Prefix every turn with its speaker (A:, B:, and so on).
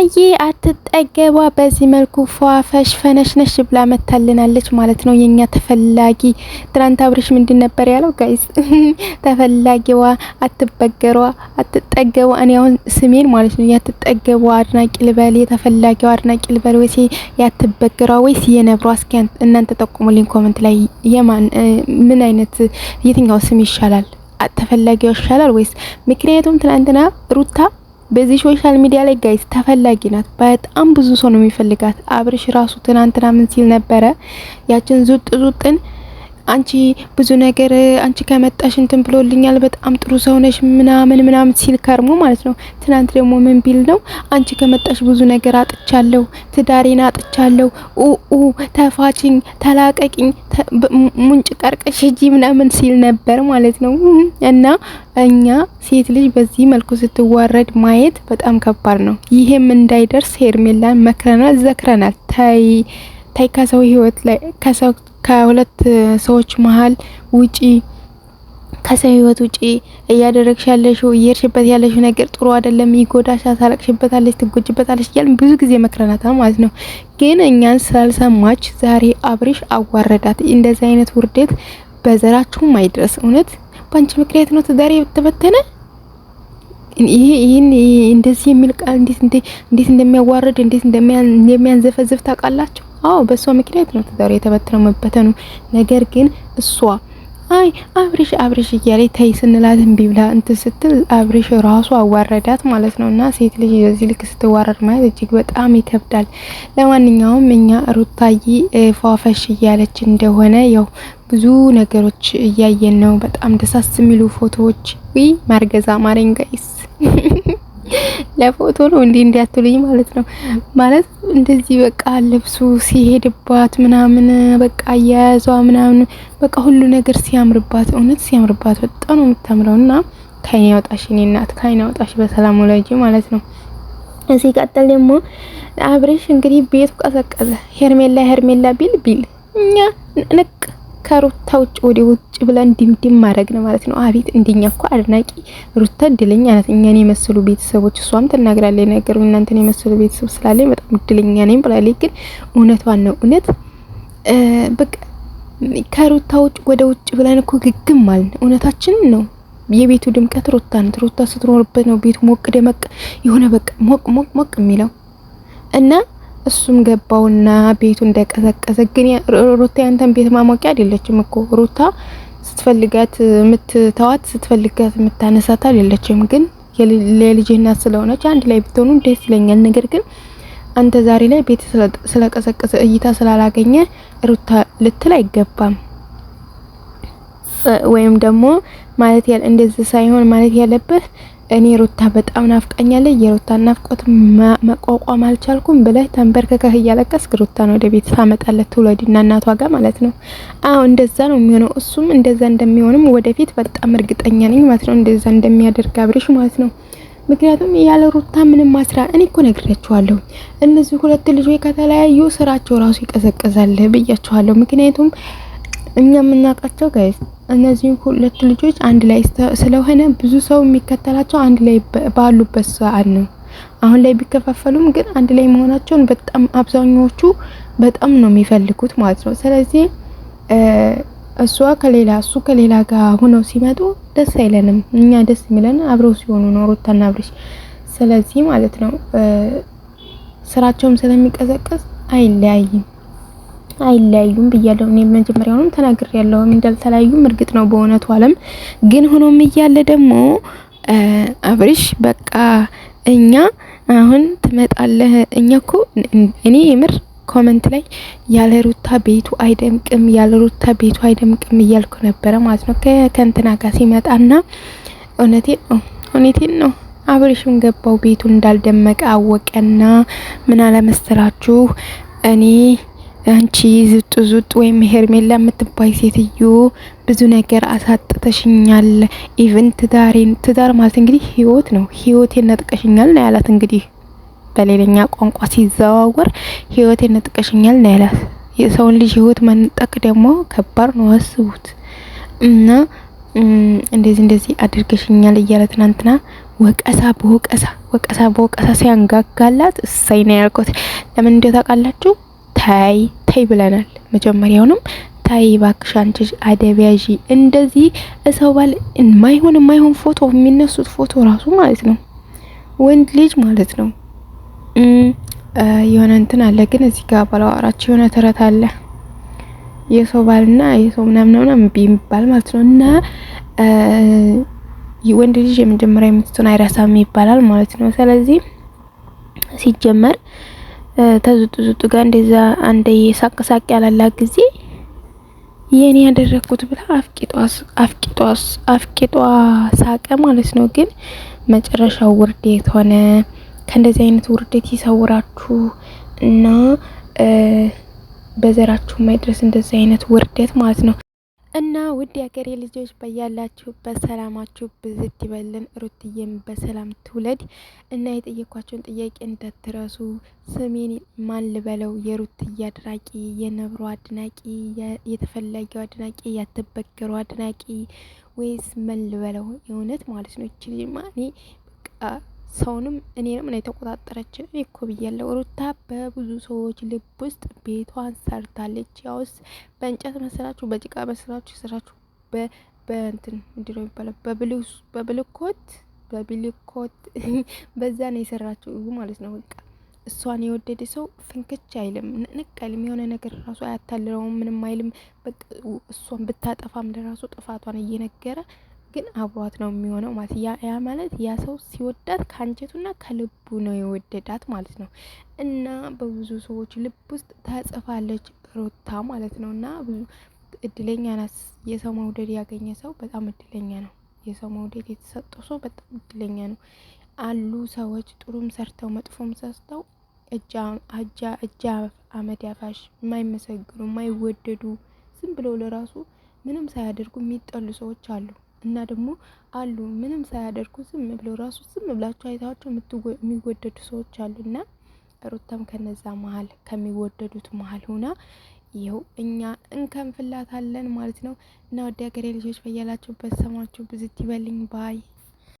A: ሀናዬ አትጠገቧ በዚህ መልኩ ፏፈሽ ፈነሽነሽ ብላ መታልናለች ማለት ነው። የኛ ተፈላጊ ትናንት አብርሽ ምንድን ነበር ያለው? ጋይስ ተፈላጊዋ አትበገሯ፣ አትጠገቧ። እኔ አሁን ስሜን ማለት ነው ያትጠገቧ አድናቂ ልበል፣ የተፈላጊዋ አድናቂ ልበል ወይስ ያትበገሯ ወይስ የነብሯ? እስኪ እናንተ ጠቁሙልኝ ኮመንት ላይ የማን ምን አይነት የትኛው ስም ይሻላል? ተፈላጊዋ ይሻላል ወይስ? ምክንያቱም ትናንትና ሩታ በዚህ ሶሻል ሚዲያ ላይ ጋይስ ተፈላጊ ናት። በጣም ብዙ ሰው ነው የሚፈልጋት። አብርሽ ራሱ ትናንትና ምን ሲል ነበረ ያችን ዙጥ ዙጥን አንቺ ብዙ ነገር አንቺ ከመጣሽ እንትን ብሎልኛል፣ በጣም ጥሩ ሰው ነሽ ምናምን ምናምን ሲል ከርሞ ማለት ነው። ትናንት ደግሞ ምን ቢል ነው አንቺ ከመጣሽ ብዙ ነገር አጥቻለሁ፣ ትዳሬን አጥቻለሁ፣ ኡኡ ተፋችኝ፣ ተላቀቂኝ፣ ሙንጭ ቀርቀሽ ሂጂ ምናምን ሲል ነበር ማለት ነው እና እኛ ሴት ልጅ በዚህ መልኩ ስትዋረድ ማየት በጣም ከባድ ነው። ይህም እንዳይደርስ ሄርሜላን መክረናል፣ ዘክረናል። ታይ ታይ ከሰው ህይወት ላይ ከሰው ከሁለት ሰዎች መሀል ውጪ ከሰው ህይወት ውጪ እያደረግሽ ያለሽው እየርሽበት ያለሽው ነገር ጥሩ አይደለም፣ ይጎዳሻል፣ ታለቅሽበታለሽ፣ ትጎጅበታለሽ እያልን ብዙ ጊዜ መክረናታል ማለት ነው። ግን እኛን ስላልሰማች ዛሬ አብርሽ አዋረዳት። እንደዚህ አይነት ውርደት በዘራችሁም አይድረስ። እውነት ባንቺ ምክንያት ነው ትዳሬ ተበተነ። ይሄ ይሄን እንደዚህ የሚል ቃል እንዴት እንደሚያዋርድ እንዴት እንደሚያንዘፈዝፍ ታውቃላችሁ? አዎ በእሷ ምክንያት ነው ትዳር የተበተነው መበተኑ። ነገር ግን እሷ አይ አብሬሽ አብሬሽ እያለ ተይ ስንላት እምቢ ብላ እንትን ስትል አብሬሽ ራሱ አዋረዳት ማለት ነው። እና ሴት ልጅ በዚህ ልክ ስትዋረድ ማለት እጅግ በጣም ይከብዳል። ለማንኛውም እኛ ሩታዬ ፏፈሽ እያለች እንደሆነ ያው ብዙ ነገሮች እያየን ነው። በጣም ደሳስ የሚሉ ፎቶዎች። ዊ ማርገዛ አማረኝ ጋይስ ለፎቶ ነው እንዴ እንዲያትሉኝ ማለት ነው። ማለት እንደዚህ በቃ ልብሱ ሲሄድባት ምናምን በቃ አያያዟ ምናምን በቃ ሁሉ ነገር ሲያምርባት፣ እውነት ሲያምርባት በጣም ነው የምታምረውና ከአይን ያውጣሽ እኔ እናት ከአይን ያውጣሽ በሰላም ወለጂ ማለት ነው። እዚህ ቀጥል ደግሞ አብሬሽ እንግዲህ ቤቱ ቀዘቀዘ። ሄርሜላ ሄርሜላ ቢል ቢል እኛ ንቅ ከሩታ ውጭ ወደ ውጭ ብለን ድምድም ማድረግ ነው ማለት ነው። አቤት እንደኛ እኮ አድናቂ ሩታ እድለኛ ናት። እኛን የመሰሉ ቤተሰቦች እሷም ትናገራለች ነገሩ እናንተን የመሰሉ ቤተሰብ ስላለ በጣም እድለኛ ነኝ ብላለች። ግን እውነቷን ነው እውነት በቃ ከሩታ ውጭ ወደ ውጭ ብለን እኮ ግግም ማለት ነው። ነው። የቤቱ ድምቀት ሩታ ናት። ሩታ ስትኖርበት ነው ቤቱ ሞቅ ደመቅ የሆነ በቃ ሞቅ ሞቅ ሞቅ የሚለው እና እሱም ገባውና ቤቱ እንደቀዘቀዘ። ግን ሩታ ያንተን ቤት ማሞቂያ አይደለችም እኮ ሩታ ስትፈልጋት የምትተዋት ስትፈልጋት የምታነሳት አይደለችም። ግን ለልጅህና ስለሆነች አንድ ላይ ብትሆኑ ደስ ይለኛል። ነገር ግን አንተ ዛሬ ላይ ቤት ስለቀሰቀሰ እይታ ስላላገኘ ሩታ ልትል አይገባም። ወይም ደግሞ ማለት እንደዚህ ሳይሆን ማለት ያለበት እኔ ሩታ በጣም ናፍቃኛለች፣ የሩታ ናፍቆት መቋቋም አልቻልኩም ብለህ ተንበርክከህ እያለቀስክ ሩታን ወደ ቤት ታመጣለት ትውለድና እናቷ ጋር ማለት ነው። አዎ እንደዛ ነው የሚሆነው። እሱም እንደዛ እንደሚሆንም ወደፊት በጣም እርግጠኛ ነኝ ማለት ነው። እንደዛ እንደሚያደርግ አብርሽ ማለት ነው። ምክንያቱም ያለ ሩታ ምንም ማስራ እኔ እኮ ነግራችኋለሁ። እነዚህ ሁለት ልጆች ከተለያዩ ስራቸው ራሱ ይቀዘቅዛል ብያችኋለሁ። ምክንያቱም እኛ የምናውቃቸው ጋይስ እነዚህ ሁለት ልጆች አንድ ላይ ስለሆነ ብዙ ሰው የሚከተላቸው አንድ ላይ ባሉበት ሰዓት ነው። አሁን ላይ ቢከፋፈሉም ግን አንድ ላይ መሆናቸውን በጣም አብዛኛዎቹ በጣም ነው የሚፈልጉት ማለት ነው። ስለዚህ እሷ ከሌላ እሱ ከሌላ ጋር ሆነው ሲመጡ ደስ አይለንም። እኛ ደስ የሚለን አብረው ሲሆኑ ነው ሩታና አብርሽ። ስለዚህ ማለት ነው ስራቸውም ስለሚቀዘቀዝ አይለያይም። አይለያዩም ብያለሁ። እኔ መጀመሪያውንም ተናግሬ ያለውም እንዳልተለያዩም እርግጥ ነው በእውነቱ ዓለም ግን ሆኖም እያለ ደግሞ አብርሽ በቃ እኛ አሁን ትመጣለህ። እኛ እኮ እኔ የምር ኮመንት ላይ ያለ ሩታ ቤቱ አይደምቅም፣ ያለ ሩታ ቤቱ አይደምቅም እያልኩ ነበረ ማለት ነው ከእንትና ጋር ሲመጣና እውነቴን ነው እውነቴን ነው። አብሬሽም ገባው ቤቱ እንዳልደመቀ አወቀና ምን አለመሰላችሁ እኔ አንቺ ዝጡ ዝጡ ወይም ሄርሜላ የምትባይ ሴትዮ ብዙ ነገር አሳጥተሽኛል። ኢቭን ትዳሬን ትዳር ማለት እንግዲህ ህይወት ነው። ህይወቴን ነጥቀሽኛል ነው ያላት። እንግዲህ በሌለኛ ቋንቋ ሲዘዋወር ህይወቴን ነጥቀሽኛል ነው ያላት። የሰውን ልጅ ህይወት መንጠቅ ደግሞ ከባድ ነው፣ አስቡት። እና እንደዚህ እንደዚህ አድርገሽኛል እያለ ትናንትና ወቀሳ በወቀሳ ወቀሳ በወቀሳ ሲያንጋጋላት እሳይ ነው ያልኩት። ለምን እንደው ታውቃላችሁ ታይ ታይ ብለናል። መጀመሪያውንም ታይ እባክሽ አንቺ አደብ ያዢ። እንደዚህ እሰው ባል የማይሆን የማይሆን ፎቶ የሚነሱት ፎቶ ራሱ ማለት ነው ወንድ ልጅ ማለት ነው። የሆነ እንትን አለ ግን እዚህ ጋር አራች የሆነ ተረት አለ የሰው ባልና የሰው ምናምን ምናምን የሚባል ማለት ነው እና ወንድ ልጅ የመጀመሪያ ሚስቱን አይረሳም ይባላል ማለት ነው። ስለዚህ ሲጀመር ተዙጡ ዙጡ ጋር እንደዛ አንደ ሳቅሳቅ ያላላ ጊዜ የኔ ያደረኩት ብላ አፍቂጧስ አፍቂጧስ አፍቂጧ ሳቀ ማለት ነው። ግን መጨረሻው ውርዴት ሆነ። ከእንደዚህ አይነት ውርዴት ይሰውራችሁ እና በዘራችሁ ማይድረስ እንደዚህ አይነት ውርደት ማለት ነው። እና ውድ የአገሬ ልጆች በያላችሁ በሰላማችሁ ብዝት ይበልን። ሩትዬም በሰላም ትውለድ እና የጠየኳቸውን ጥያቄ እንዳትረሱ። ስሜን ማን ልበለው? የሩትዬ አድናቂ፣ የነብሮ አድናቂ፣ የተፈላጊው አድናቂ፣ ያተበገሩ አድናቂ ወይስ ምን ልበለው? የእውነት ማለት ነው ችልማኔ ማኔ ሰውንም እኔንም ነው የተቆጣጠረች። እኔ እኮ ብያለሁ ሩታ በብዙ ሰዎች ልብ ውስጥ ቤቷን ሰርታለች። ያውስ በእንጨት መስራችሁ፣ በጭቃ መስራችሁ ስራችሁ በእንትን ምንድነው የሚባለው በብልኮት በብልኮት በዛ ነው የሰራችሁ ማለት ነው። በቃ እሷን የወደደ ሰው ፍንክች አይልም፣ ንቅ አይልም። የሆነ ነገር ራሱ አያታልለውም፣ ምንም አይልም። በቃ እሷን ብታጠፋም ለራሱ ጥፋቷን እየነገረ ግን አብሯት ነው የሚሆነው ማለት ያ ማለት ያ ሰው ሲወዳት ከአንጀቱና ከልቡ ነው የወደዳት ማለት ነው። እና በብዙ ሰዎች ልብ ውስጥ ተጽፋለች ሩታ ማለት ነው። እና ብዙ እድለኛ ናት። የሰው መውደድ ያገኘ ሰው በጣም እድለኛ ነው። የሰው መውደድ የተሰጠው ሰው በጣም እድለኛ ነው። አሉ ሰዎች ጥሩም ሰርተው መጥፎም ሰርተው እጃ አመድ ያፋሽ የማይመሰግኑ የማይወደዱ ዝም ብለው ለራሱ ምንም ሳያደርጉ የሚጠሉ ሰዎች አሉ። እና ደግሞ አሉ ምንም ሳያደርጉ ዝም ብለው ራሱ ዝም ብላቸው አይታቸው የሚወደዱ ሰዎች አሉና ሩታም ከነዛ መሀል ከሚወደዱት መሀል ሆና ይኸው እኛ እንከንፍላታለን ማለት ነው። እና ወደ ሀገሬ ልጆች በያላችሁበት ሰማችሁ ብዝት ይበልኝ ባይ